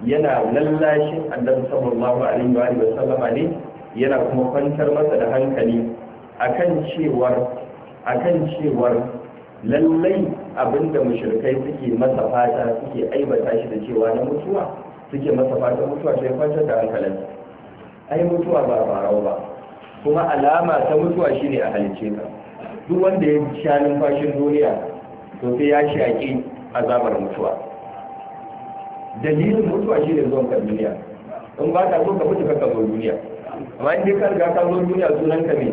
Speaker 1: yana lallashin annabi sallallahu alaihi wa alihi sallama ne yana kuma kwantar masa da hankali akan cewar akan cewar lallai abinda mushrikai suke masa fata suke aibata shi da cewa na mutuwa suke masa fata mutuwa sai kwantar da hankalin ai mutuwa ba farau ba kuma alama ta mutuwa shine a halice ka duk wanda ya sha numfashin duniya to sai ya shaƙi azabar mutuwa dalilin mutuwa shi ne zuwan kan duniya in ba ta so ka mutu ka zo duniya amma in dai ka riga ka zo duniya sunan ka me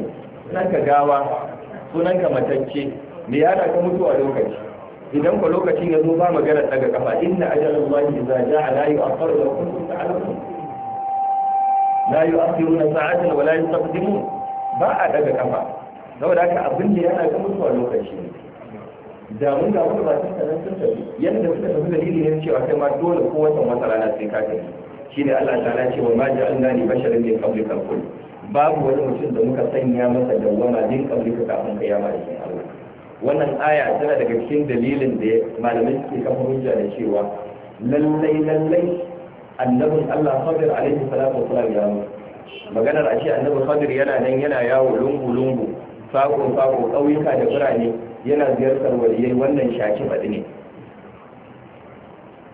Speaker 1: sunan ka gawa sunan ka matacce me ya da ka mutuwa lokaci idan ka lokacin ya zo ba magana daga kafa inna wahi idza ja'a la yu'akhkharu wa kuntum ta'lamun la yu'akhkhiruna sa'atan wa la yastaqdimun ba a daga kafa saboda haka abin da yana ga mutuwa lokaci da mun ga wani bakin sanar sun tafi yadda suka tafi dalili ne cewa kai ma dole ko watan wata rana sai ka tafi shi ne Allah ta ce wa ma ja'alna li basharin min qablika al babu wani mutum da muka sanya masa dawwama din qablika kafin kai ya ma shi Allah wannan aya tana daga cikin dalilin da malamai suke kafa hujja da cewa lallai lallai annabin Allah Khadir alaihi salatu wa salam ya mutu maganar ashe annabi Khadir yana nan yana yawo lungu lungu fako-fako ƙauyuka da birane yana ziyartar waliyai wannan shaki faɗi ne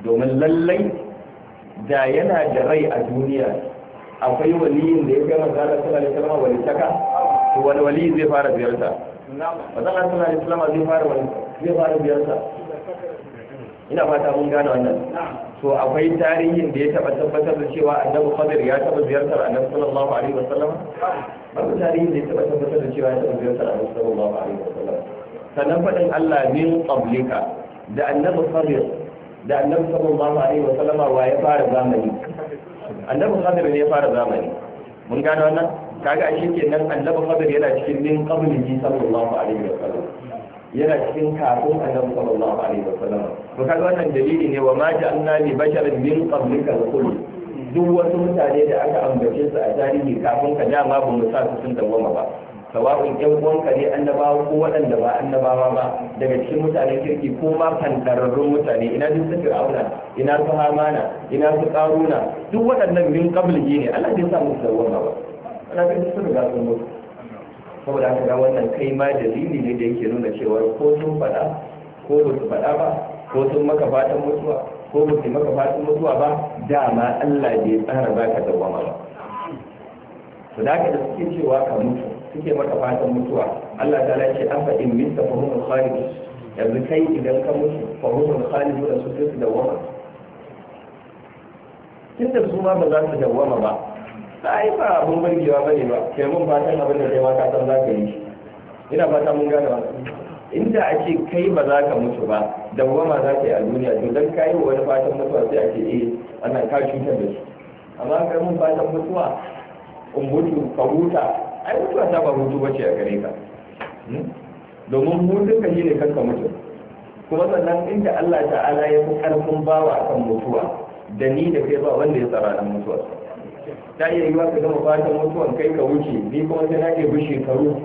Speaker 1: domin lallai da yana da rai a duniya akwai waliyin da ya gama zara suna da salama wani taka to wani wali zai fara ziyarta
Speaker 2: wazan an suna da wani
Speaker 1: zai fara ziyarta ina fata mun gane wannan to akwai tarihin da ya taba tabbatar da cewa annabi khadir ya taba ziyartar annabi sallallahu alaihi wasallam babu tarihin da ya taba tabbatar da cewa ya taba ziyartar annabi sallallahu alaihi wasallam sannan fadin Allah min qablika da annabi khadir da annabi sallallahu alaihi wasallam wa ya fara zamani annabi khadir ne ya fara zamani mun gano wannan kaga ashe kenan annabi khadir yana cikin min qablihi sallallahu alaihi wasallam yana cikin kafin annabi sallallahu alaihi wasallam to kaga wannan dalili ne wa ma ja'alna li basharin min qablika al duk wasu mutane da aka ambace su a tarihi kafin ka dama ba mu sa su sun dawwama ba sawa'un ƴan uwanka ne annabawa ko waɗanda ba annabawa ba daga cikin mutanen kirki ko ma fantararrun mutane ina duk su auna, ina su hamana ina su karuna duk waɗannan min qablihi ne Allah bai sa musu dawwama ba ana ga su riga sun mutu saboda haka ga wannan kai ma dalili ne da yake nuna cewa ko sun faɗa ko ba su faɗa ba ko sun maka fatan mutuwa ko ba su maka fatan mutuwa ba dama Allah bai tsara ba ka dawama ba to da ka suke cewa ka mutu suke maka fatan mutuwa Allah ta lace an faɗin mista fahimul khalid yanzu kai idan ka mutu fahimul khalid da su su dawama tunda su ma ba za su dawama ba ai ba abun bangewa bane ba kai mun fatan abin da kai san za ka yi ina fata mun gane ba inda ake kai ba za ka mutu ba dawwama za ka yi a duniya to dan kai wani fatan mutuwa sai ake eh ana ka cutar da su amma kai mun fatan mutuwa in mutu ka huta ai mutuwa ta ba hutu bace a gare ka hmm? domin hutun ka shine kanka mutu kuma sannan inda Allah ta'ala ya fi karfin bawa kan mutuwa da ni da kai ba wanda ya tsara nan mutuwa ta iya yi ka gama fata mutuwan kai ka wuce ni kuma sai na ɗebi shekaru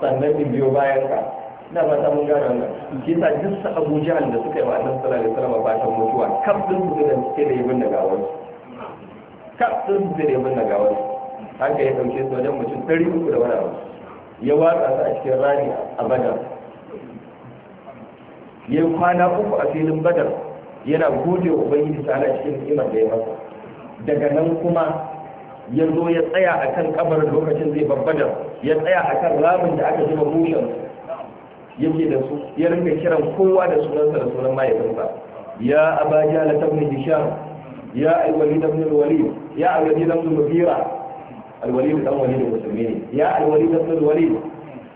Speaker 1: sannan in biyo bayan ka na ba ta mun gano wannan shi yasa duk sa Abuja da suka yi wa Annabi sallallahu alaihi fata mutuwa kaf din su da suke da yibin da gawar kaf din su da yibin da gawar haka ya dauke su wajen mutum uku da wani abu ya watsa su a cikin rani a Badar ya kwana uku a filin Badar yana gode wa Ubangiji ta cikin ni'imar da ya masa daga nan kuma ya zo ya tsaya a kan kabar lokacin zai babbadar ya tsaya a kan ramin da aka zuba mushen yake da su ya rinka kiran kowa da sunansa da sunan mahaifinsa ya aba jala ta bin hisham ya alwali da bin wali ya alwali da bin mubira alwali da dan wali da musulmi ne ya alwali da bin wali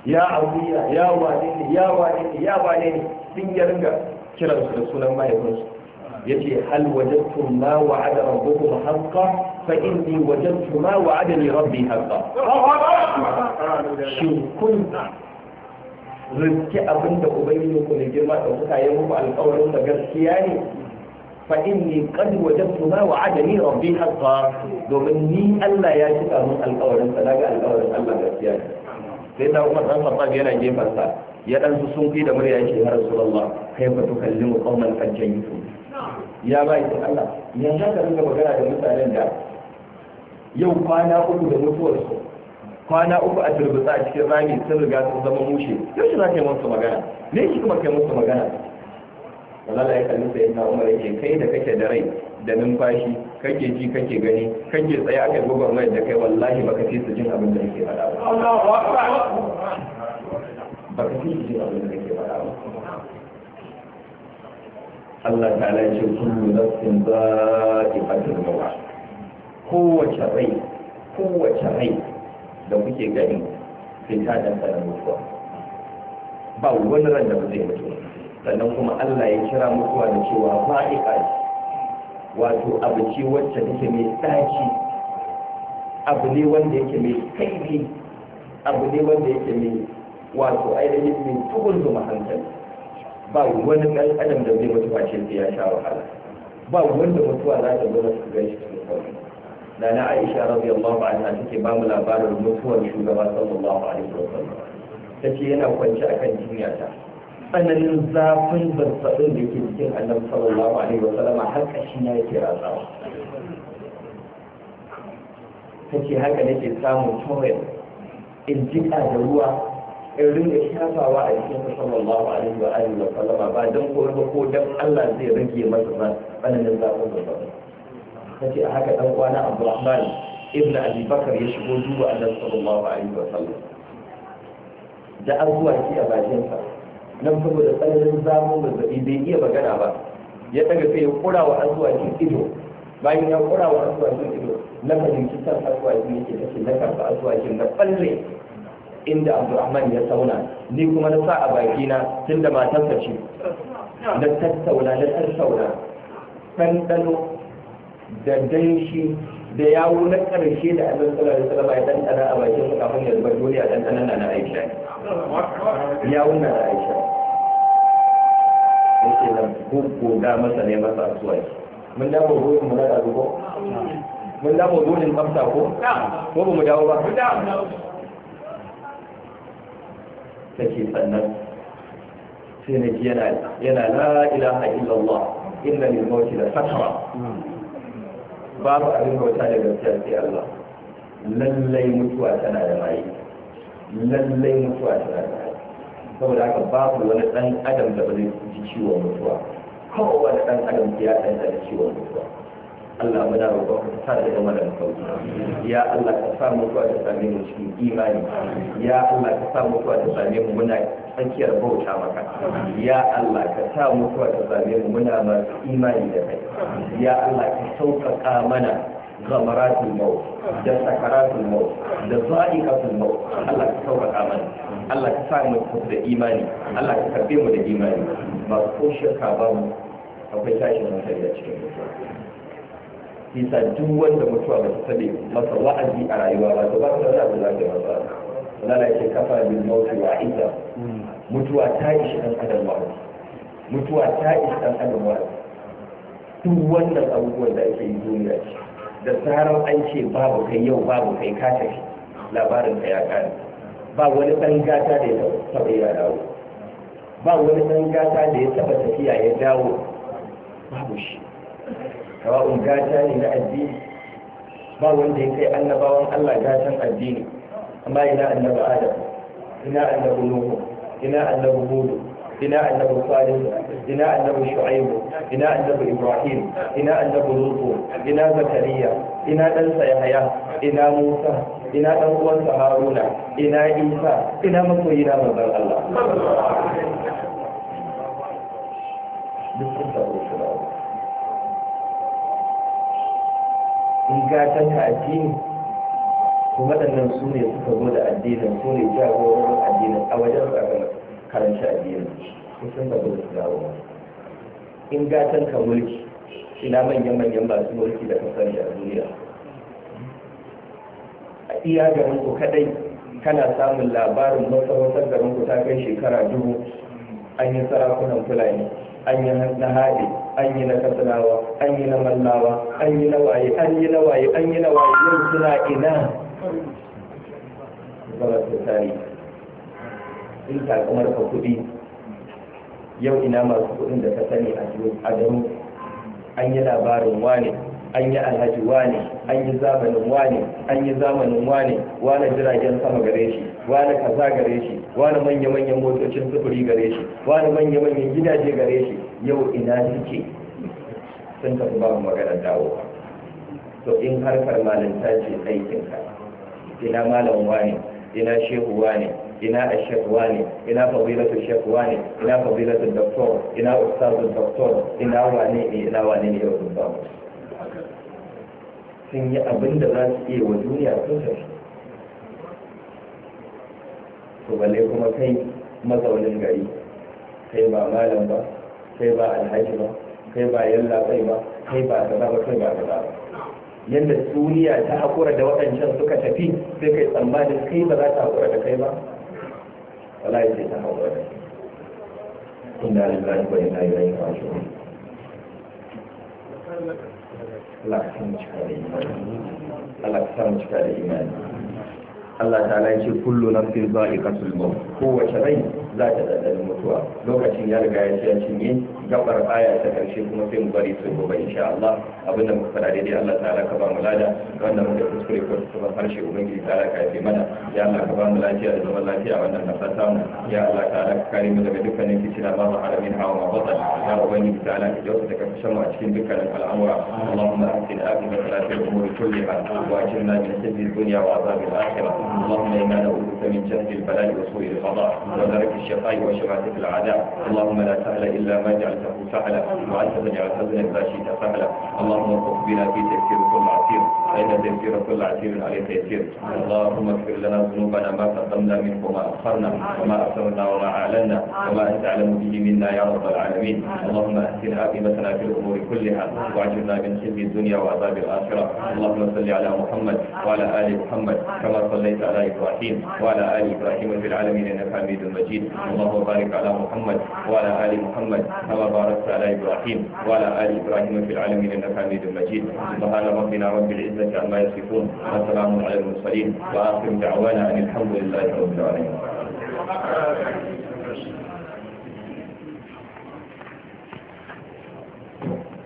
Speaker 1: ya abuya ya wani ya wani ya wani sun ya rinka kiransu da sunan ma'aikansu. yace hal wajadtum ma wa'ada rabbukum haqqan fa inni wajadtu ma wa'adani rabbi haqqan
Speaker 2: shin kun
Speaker 1: rizki abinda ubangiji ku ne girma da kuka yi muku alƙawarin da gaskiya ne fa inni qad wajadtu ma wa'adani rabbi haqqan domin ni Allah ya cika mun alƙawarin sa daga alƙawarin Allah gaskiya ne sai da Umar dan Khattab yana sa. ya dan su sun kai da murya yake ya Allah, kai fa tukallimu qauman qad jayitu ya bai ta Allah yanzu ka dinga magana da mutanen da yau kwana uku da mutuwar su kwana uku a turbutsa a cikin rami sun riga sun zama mushe yau shi za ka yi musu magana me yake kuma kai musu magana wala ya kalli sai na umar yake kai da kake da rai da numfashi kake ji kake gani kake tsaye aka gogon mai da kai wallahi baka fi su jin abin da yake faɗa
Speaker 2: ba ba
Speaker 1: ka fi ji abin da ke faɗa
Speaker 2: ba
Speaker 1: Allah ta ala ce kullu nafsin za'iqatul maut kowace rai kowace rai da kuke gani sai ta danta mutuwa ba wani ran da ba zai mutu sannan kuma Allah ya kira mutuwa da cewa za'iqa wato abu ce wacce take mai tsaki abu ne wanda yake mai kaifi abu ne wanda yake mai wato ainihin min tukun zuma hankali ba wani ɗan adam da zai mutu face ya sha wahala ba wanda mutuwa za ta zo su gan shi cikin sauri da na aisha rabbi radiyallahu anha take ba mu labarin mutuwar shugaba sallallahu alaihi wa wasallam ta ce yana kwance a kan jinya ta tsananin zafin zazzabin da ke cikin annabi sallallahu alaihi wasallam har kashi na yake ratsawa ta ce haka nake samun tawayar in jiƙa da ruwa in ringa shafawa a cikin sa sallallahu alaihi wa alihi wa sallama ba dan ko ba ko dan Allah zai rage masa ba wannan zakon da ba kace a haka dan uwana Abdulrahman ibn Abi Bakar ya shigo duba Allah sallallahu alaihi wa sallam da an zuwa shi a bakin sa nan saboda tsananin zamun zazzabi bai iya magana ba ya daga sai ya kura wa an zuwa shi ido bayan ya kura wa an zuwa shi ido na fahimci san asuwakin yake kace na karba asuwakin na balle inda abdurrahman ya sauna ni kuma na sa a bakina tun da matarsa ce na tattauna na tattauna ɗanɗano da danshi da yawo na ƙarshe da annabi sallallahu alaihi wasallam ya ɗanɗana a bakin sa kafin ya zuba duniya ɗanɗanan na na Aisha yawo na na Aisha yake nan gugu da masa ne masa asuwa mun da gugu mu na da ko? mun da mu tsafta ko ko ba mu dawo ba take sannan sai na ji yana la ilaha illallah inna lil mawti la sakara ba abin bauta da gaskiya sai Allah lallai mutuwa tana da mai lallai mutuwa tana da mai saboda haka babu wani dan adam da ba zai ji ciwon mutuwa wani dan adam ya dan da ciwon mutuwa Allah muna roƙon sa da zama da sauki ya Allah ka sa mu da same mu cikin imani ya Allah ka sa mu da same mu muna tsakiyar bauta maka ya Allah ka sa mu da same mu muna masu imani da kai ya Allah ka sauƙaƙa mana غمرات الموت ده سكرات الموت ده ضائقة الموت الله كسوك آمن الله كسامي كفر إيماني الله كسبيم ده إيماني ما mu akwai tashin كتاشي من cikin شكرا isa duk wanda mutuwa ba ta tabe masa wa'azi a rayuwa ba to ba ta da za ta masa lala ce kafa bil mauti wa isa mutuwa ta ishi dan adam wa'azi mutuwa ta ishi dan adam wa'azi duk wannan abubuwan da ake yi duniya ce da zarar an ce babu kai yau babu kai ka tafi labarin ka ya kare ba wani dan gata da ya taba ya dawo ba wani dan gata da ya taba tafiya ya dawo babu shi sawa'un gata ne na addini ba wanda ya kai annabawan Allah gatan addini amma ina annabu Adam ina annabu Nuhu ina annabu Hudu? ina annabu Salih ina annabu Shu'aibu? ina annabu Ibrahim ina annabu Lut ina Zakariya ina dan Yahaya? ina Musa ina dan uwansa Haruna ina Isa ina masoyina manzon Allah duk sun tabbata in gatan ka addini to waɗannan su ne suka zo da addinin su ne jagororin addinin a wajen karanci addinin kusan da ba su dawo in gatan ka mulki ina manyan-manyan masu mulki da kasar da duniya a iya garin ku kadai kana samun labarin masarautar garin ku ta kai shekara dubu an yi sarakunan fulani an yi na haɗe an yi na katsinawa an yi na mallawa an yi na waye an yi na waye an yi na waye yau suna ina zama su tari in ta kuma ka kuɗi yau ina masu kuɗin da ka sani a garin an yi labarin wane an yi alhaji wane an yi zamanin wane an yi zamanin wane wane jiragen sama gare shi wane kaza gare shi wane manya-manyan motocin sufuri gare shi wane manya-manyan gidaje gare shi yau ina suke sun tafi ba magana dawowa to in harkar malinta ce aikinka ina malam wane ina shehu wane ina ashek wane ina fadilatu shek wane ina fabilatu doktor ina ustazu doktor ina wane ne ina wane ne yau sun ba mu sun yi abin da za su iya wa duniya sun tafi to balle kuma kai mazaunin gari kai ba malam ba kai ba alhaji ba kai ba yalla kai ba kai ba kaza ba kai ba kaza ba yadda duniya ta haƙura da waɗancan suka tafi sai kai tsammanin kai ba za ta haƙura da kai ba wala sai ta hakura da kai inna lillahi wa inna ilaihi raji'un Allah ka samu cika da imani Allah ka samu cika da imani Allah ta ce kullu nafsin za'iqatul maut kowace rai za ta ɗanɗanin mutuwa lokacin ya riga ya ya cinye gabar aya ta karshe kuma sai mu bari sai gobe insha Allah abin da muka faɗa daidai Allah ta'ala ka ba mu lada wanda muka kuskure ko kuma harshe ubangiji ta'ala ka yafe mana ya Allah ka ba mu lafiya da zaman lafiya wannan kasa samu ya Allah ta'ala ka kare mu daga dukkanin fitina ba mu haramin hawa ma batal ya ubangiji ta'ala ka jawo daga fashan mu a cikin dukkanin al'amura Allahumma ahsin aqibata lana fil umuri kulliha wa ajirna min khizyi dunya wa adhabil akhirah Allahumma inna na'udhu bika min jahdi al-bala'i wa su'i al-qada' wa darki الشقاء وشماتة العداء اللهم لا سهل إلا ما جعلته سهلا وأنت تجعل حزنا إذا شئت سهلا اللهم ارزق بنا في تكفير كل عسير علينا تيسير كل عسير عليه تيسير اللهم اغفر لنا ذنوبنا ما قدمنا منه وما أخرنا وما أسرنا وما أعلنا وما أنت أعلم به منا يا رب العالمين اللهم أحسن عاقبتنا في الأمور كلها واجرنا من خزي الدنيا وعذاب الآخرة اللهم صل على محمد وعلى آل محمد كما صليت على إبراهيم وعلى آل إبراهيم في العالمين إنك حميد مجيد اللهم بارك على محمد وعلى آل محمد كما باركت على إبراهيم وعلى آل إبراهيم في العالمين إنك حميد مجيد سبحان ربنا رب العزة العزة عما يصفون والسلام على المرسلين وآخر دعوانا أن الحمد لله رب العالمين